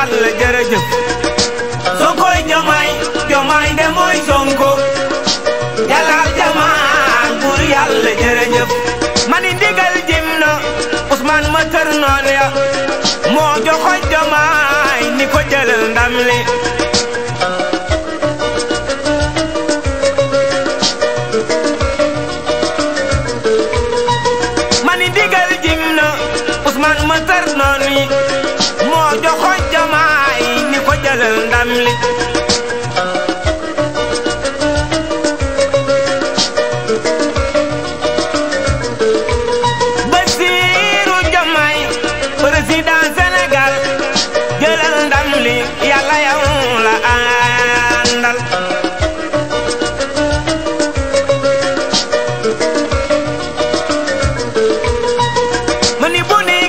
Sall jërëjëf Sonko Diomaye Diomaye de mooy Sonko jalal jamaan buur yàlla jërëjëf jim na Ousmane ma noon ya moo joxoon Diomaye ni ko jëlal ndam li leer noonu moo joxoon jamaay ni ko jëlal ndam li Basiiru Jamaay président Sénégal jëlal ndam li yàlla la àndal ma ni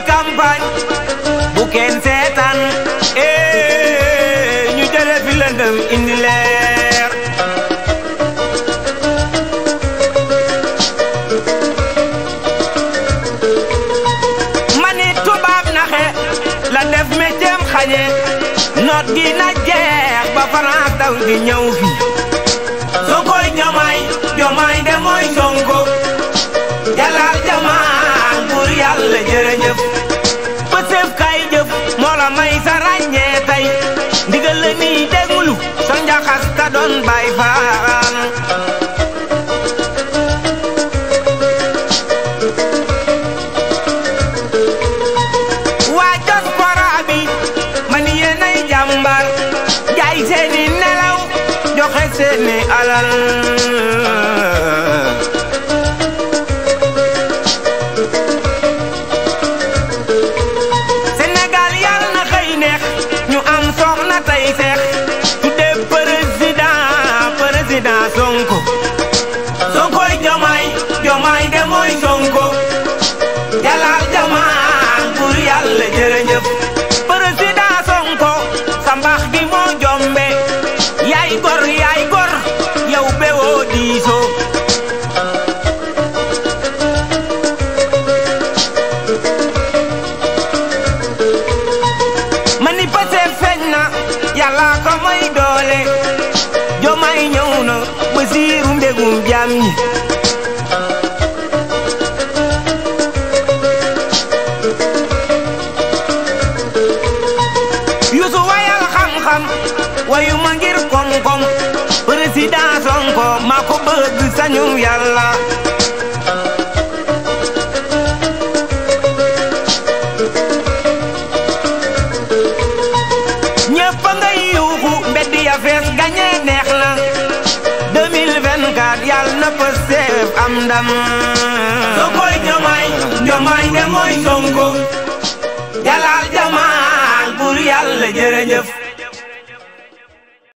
xañe noot gi na jeex ba France daw di ñëw fi Sonkoy Diomaye Diomaye de mooy Sonko Jalal Jamal buur yàlla jërëjëf Pastef kay jëf moo la may sa ràññee tey ndigal la nii déglu sa njaxas ka don bay faan seeni alal Sénégal na xëy neex am soxna tey seex tuddee président président Sonko jaam yi yusu wayal xam-xam wayu ma ngir kom-kom président Sonko maa ko sañu yàlla def am ndam Sonkoy Diomaye Diomaye ne mooy Sonko Jalal Jamal bur Yàlla jërëjëf